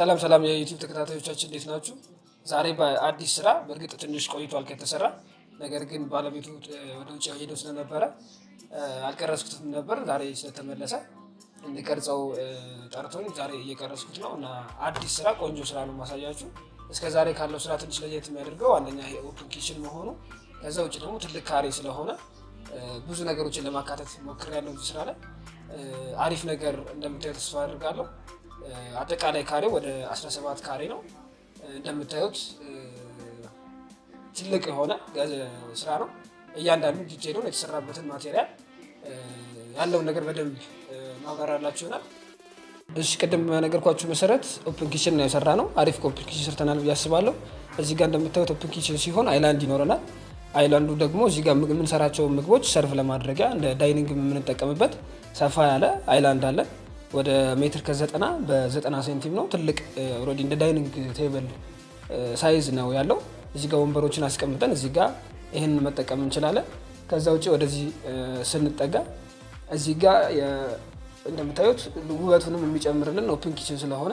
ሰላም ሰላም የዩቲዩብ ተከታታዮቻችን እንዴት ናችሁ? ዛሬ በአዲስ ስራ በእርግጥ ትንሽ ቆይቷል ከተሰራ፣ ነገር ግን ባለቤቱ ወደ ውጭ ሄዶ ስለነበረ አልቀረስኩትም ነበር። ዛሬ ስለተመለሰ እንዲቀርጸው ጠርቶኝ ዛሬ እየቀረስኩት ነው እና አዲስ ስራ ቆንጆ ስራ ነው ማሳያችሁ። እስከ ዛሬ ካለው ስራ ትንሽ ለየት የሚያደርገው አንደኛ የኦፕን ኪችን መሆኑ፣ ከዛ ውጭ ደግሞ ትልቅ ካሬ ስለሆነ ብዙ ነገሮችን ለማካተት ሞክሬያለሁ። ያለው ስራ ላይ አሪፍ ነገር እንደምታዩ ተስፋ አድርጋለሁ። አጠቃላይ ካሬ ወደ 17 ካሬ ነው። እንደምታዩት ትልቅ የሆነ ስራ ነው። እያንዳንዱ ዲቴሉን የተሰራበትን ማቴሪያል ያለውን ነገር በደንብ ማብራራላችሁ ይሆናል። እሺ ቅድም ነገርኳችሁ መሰረት ኦፕን ኪችን ነው የሰራ ነው። አሪፍ ኦፕን ኪችን ሰርተናል ብዬ አስባለሁ። እዚህ ጋር እንደምታዩት ኦፕን ኪችን ሲሆን አይላንድ ይኖረናል። አይላንዱ ደግሞ እዚህ ጋር የምንሰራቸውን ምግቦች ሰርቭ ለማድረጊያ እንደ ዳይኒንግ የምንጠቀምበት ሰፋ ያለ አይላንድ አለን። ወደ ሜትር ከዘጠና በዘጠና ሴንቲም ነው። ትልቅ ኦልሬዲ እንደ ዳይኒንግ ቴብል ሳይዝ ነው ያለው። እዚህ ጋር ወንበሮችን አስቀምጠን እዚህ ጋር ይህን መጠቀም እንችላለን። ከዛ ውጭ ወደዚህ ስንጠጋ እዚህ ጋር እንደምታዩት ውበቱንም የሚጨምርልን ኦፕን ኪችን ስለሆነ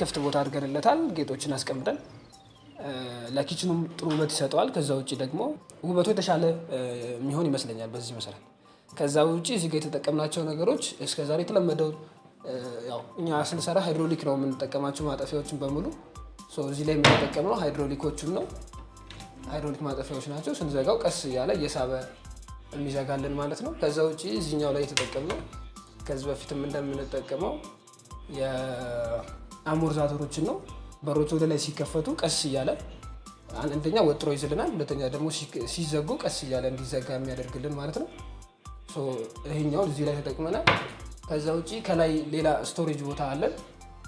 ክፍት ቦታ አድርገንለታል። ጌጦችን አስቀምጠን ለኪችኑም ጥሩ ውበት ይሰጠዋል። ከዛ ውጭ ደግሞ ውበቱ የተሻለ የሚሆን ይመስለኛል በዚህ መሰረት። ከዛ ውጭ እዚህ ጋር የተጠቀምናቸው ነገሮች እስከዛሬ የተለመደው ያው እኛ ስንሰራ ሃይድሮሊክ ነው የምንጠቀማቸው ማጠፊያዎችን በሙሉ። እዚህ ላይ የምንጠቀምነው ሃይድሮሊኮቹን ነው። ሃይድሮሊክ ማጠፊያዎች ናቸው። ስንዘጋው ቀስ እያለ እየሳበ የሚዘጋልን ማለት ነው። ከዛ ውጭ እዚኛው ላይ የተጠቀምነው ከዚህ በፊትም እንደምንጠቀመው የአሞርዛተሮችን ነው። በሮች ወደ ላይ ሲከፈቱ ቀስ እያለ አንደኛ ወጥሮ ይዝልናል፣ ሁለተኛ ደግሞ ሲዘጉ ቀስ እያለ እንዲዘጋ የሚያደርግልን ማለት ነው። ይሄኛውን እዚህ ላይ ተጠቅመናል። ከዛ ውጭ ከላይ ሌላ ስቶሬጅ ቦታ አለን።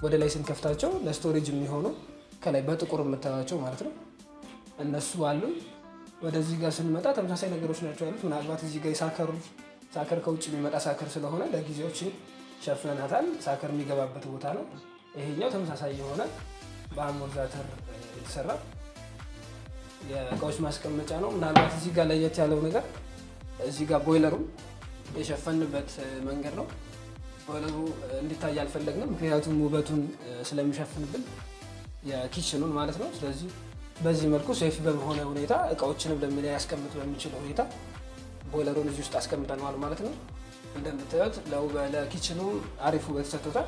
ወደ ላይ ስንከፍታቸው ለስቶሬጅ የሚሆኑ ከላይ በጥቁር የምታያቸው ማለት ነው እነሱ አሉ። ወደዚህ ጋር ስንመጣ ተመሳሳይ ነገሮች ናቸው ያሉት። ምናልባት እዚህ ጋር የሳከሩ ሳከር ከውጭ የሚመጣ ሳከር ስለሆነ ለጊዜዎች ሸፍነናታል። ሳከር የሚገባበት ቦታ ነው። ይሄኛው ተመሳሳይ የሆነ በአሞርዛተር የተሰራ የእቃዎች ማስቀመጫ ነው። ምናልባት እዚህ ጋር ለየት ያለው ነገር እዚህ ጋር ቦይለሩም የሸፈንበት መንገድ ነው። ወለሉ እንዲታይ አልፈለግንም፣ ምክንያቱም ውበቱን ስለሚሸፍንብን የኪችኑን ማለት ነው። ስለዚህ በዚህ መልኩ ሴፍ በሆነ ሁኔታ እቃዎችንም ለምን ያስቀምጥ በሚችል ሁኔታ ቦይለሩን እዚህ ውስጥ አስቀምጠነዋል ማለት ነው። እንደምታዩት ለኪችኑ አሪፍ ውበት ሰጥቶታል።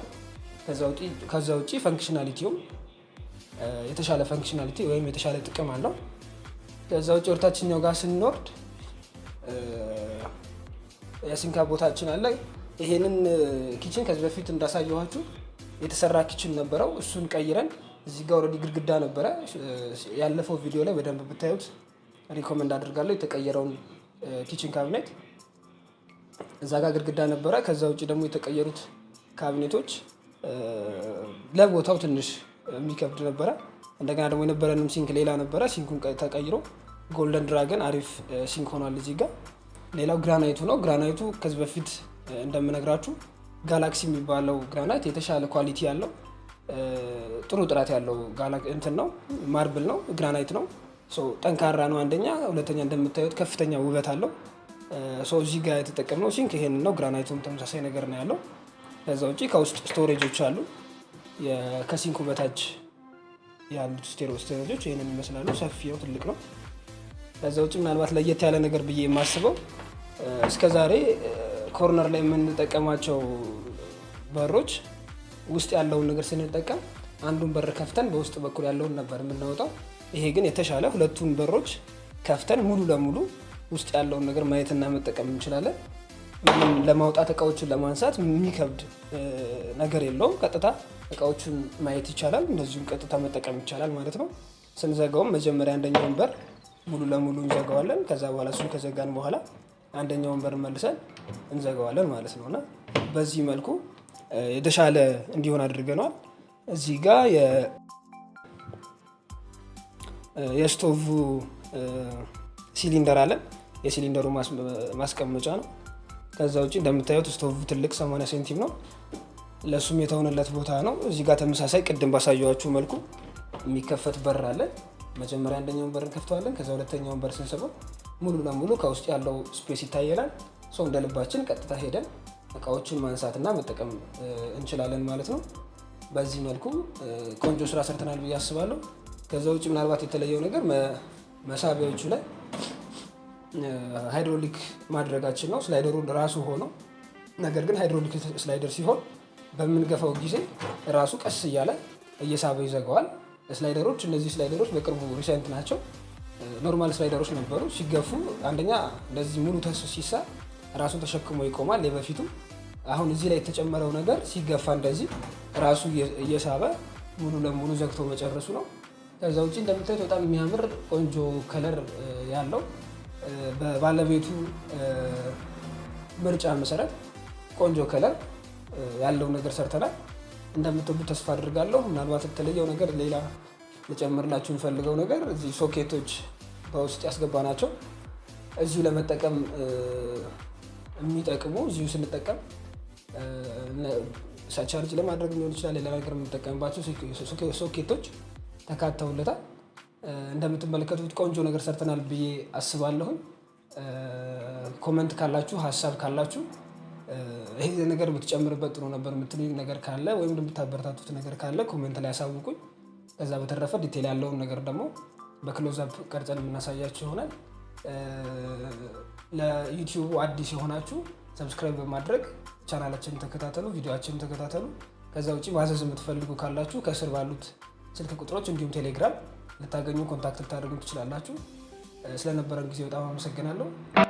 ከዛ ውጭ ፈንክሽናሊቲውም የተሻለ ፈንክሽናሊቲ ወይም የተሻለ ጥቅም አለው። ከዛ ውጭ ወርታችኛው ጋር ስንወርድ የሲንካ ቦታችን አለ። ይሄንን ኪችን ከዚህ በፊት እንዳሳየኋችሁ የተሰራ ኪችን ነበረው። እሱን ቀይረን እዚህ ጋር ኦልሬዲ ግድግዳ ነበረ። ያለፈው ቪዲዮ ላይ በደንብ ብታዩት ሪኮመንድ አድርጋለሁ የተቀየረውን ኪችን ካቢኔት። እዛ ጋር ግድግዳ ነበረ። ከዛ ውጭ ደግሞ የተቀየሩት ካቢኔቶች ለቦታው ትንሽ የሚከብድ ነበረ። እንደገና ደግሞ የነበረንም ሲንክ ሌላ ነበረ። ሲንኩን ተቀይሮ ጎልደን ድራገን አሪፍ ሲንክ ሆኗል። እዚህ ጋር ሌላው ግራናይቱ ነው። ግራናይቱ ከዚህ በፊት እንደምነግራችሁ ጋላክሲ የሚባለው ግራናይት የተሻለ ኳሊቲ ያለው ጥሩ ጥራት ያለው እንትን ነው። ማርብል ነው፣ ግራናይት ነው። ጠንካራ ነው አንደኛ። ሁለተኛ እንደምታዩት ከፍተኛ ውበት አለው። ሰው እዚህ ጋር የተጠቀምነው ሲንክ ይሄን ነው። ግራናይቱም ተመሳሳይ ነገር ነው ያለው። ከዛ ውጭ ከውስጥ ስቶሬጆች አሉ። ከሲንኩ በታች ያሉት ስቴሮ ስቶሬጆች ይህንን ይመስላሉ። ሰፊው ትልቅ ነው። ከዛ ውጭ ምናልባት ለየት ያለ ነገር ብዬ የማስበው እስከዛሬ ኮርነር ላይ የምንጠቀማቸው በሮች ውስጥ ያለውን ነገር ስንጠቀም አንዱን በር ከፍተን በውስጥ በኩል ያለውን ነበር የምናወጣው። ይሄ ግን የተሻለ ሁለቱን በሮች ከፍተን ሙሉ ለሙሉ ውስጥ ያለውን ነገር ማየትና መጠቀም እንችላለን። ምንም ለማውጣት እቃዎችን ለማንሳት የሚከብድ ነገር የለውም። ቀጥታ እቃዎችን ማየት ይቻላል። እንደዚሁም ቀጥታ መጠቀም ይቻላል ማለት ነው። ስንዘጋውም መጀመሪያ አንደኛውን በር ሙሉ ለሙሉ እንዘጋዋለን። ከዛ በኋላ እሱን ከዘጋን በኋላ አንደኛውን በር መልሰን እንዘጋዋለን ማለት ነው እና በዚህ መልኩ የተሻለ እንዲሆን አድርገነዋል። እዚህ ጋ የስቶቭ ሲሊንደር አለን። የሲሊንደሩ ማስቀመጫ ነው። ከዛ ውጭ እንደምታዩት ስቶቭ ትልቅ 8 ሴንቲም ነው። ለእሱም የተሆነለት ቦታ ነው። እዚህ ጋር ተመሳሳይ ቅድም ባሳየዋችሁ መልኩ የሚከፈት በር አለን። መጀመሪያ አንደኛውን በር እንከፍተዋለን። ከዛ ሁለተኛውን በር ስንስበው ሙሉ ለሙሉ ከውስጥ ያለው ስፔስ ይታየናል። ሰው እንደ ልባችን ቀጥታ ሄደን እቃዎችን ማንሳትና መጠቀም እንችላለን ማለት ነው። በዚህ መልኩ ቆንጆ ስራ ሰርተናል ብዬ አስባለሁ። ከዛ ውጭ ምናልባት የተለየው ነገር መሳቢያዎቹ ላይ ሃይድሮሊክ ማድረጋችን ነው። ስላይደሩ ራሱ ሆነው ነገር ግን ሃይድሮሊክ ስላይደር ሲሆን በምንገፋው ጊዜ ራሱ ቀስ እያለ እየሳበ ይዘገዋል ስላይደሮች እነዚህ ስላይደሮች በቅርቡ ሪሰንት ናቸው። ኖርማል ስላይደሮች ነበሩ። ሲገፉ አንደኛ እንደዚህ ሙሉ ተሱ ሲሳ ራሱን ተሸክሞ ይቆማል። የበፊቱ አሁን እዚህ ላይ የተጨመረው ነገር ሲገፋ እንደዚህ ራሱ እየሳበ ሙሉ ለሙሉ ዘግቶ መጨረሱ ነው። ከዛ ውጭ እንደምታዩት በጣም የሚያምር ቆንጆ ከለር ያለው በባለቤቱ ምርጫ መሰረት ቆንጆ ከለር ያለው ነገር ሰርተናል። እንደምትወዱ ተስፋ አድርጋለሁ። ምናልባት የተለየው ነገር ሌላ ልጨምርላችሁ የምፈልገው ነገር እዚህ ሶኬቶች በውስጥ ያስገባ ናቸው እዚሁ ለመጠቀም የሚጠቅሙ እዚሁ ስንጠቀም ቻርጅ ለማድረግ ሊሆን ይችላል ሌላ ነገር የምንጠቀምባቸው ሶኬቶች ተካተውለታል። እንደምትመለከቱት ቆንጆ ነገር ሰርተናል ብዬ አስባለሁኝ። ኮመንት ካላችሁ ሀሳብ ካላችሁ ይሄ ነገር ብትጨምርበት ጥሩ ነበር የምትል ነገር ካለ ወይም የምታበረታቱት ነገር ካለ ኮመንት ላይ ያሳውቁኝ። ከዛ በተረፈ ዲቴል ያለውን ነገር ደግሞ አፕ ቀርጸን የምናሳያችሁ ይሆናል። ለዩቲዩቡ አዲስ የሆናችሁ ሰብስክራይብ በማድረግ ቻናላችንን ተከታተሉ፣ ቪዲዮችንን ተከታተሉ። ከዛ ውጭ ማዘዝ የምትፈልጉ ካላችሁ ከስር ባሉት ስልክ ቁጥሮች እንዲሁም ቴሌግራም ልታገኙ ኮንታክት ልታደርጉ ትችላላችሁ። ስለነበረን ጊዜ በጣም አመሰግናለሁ።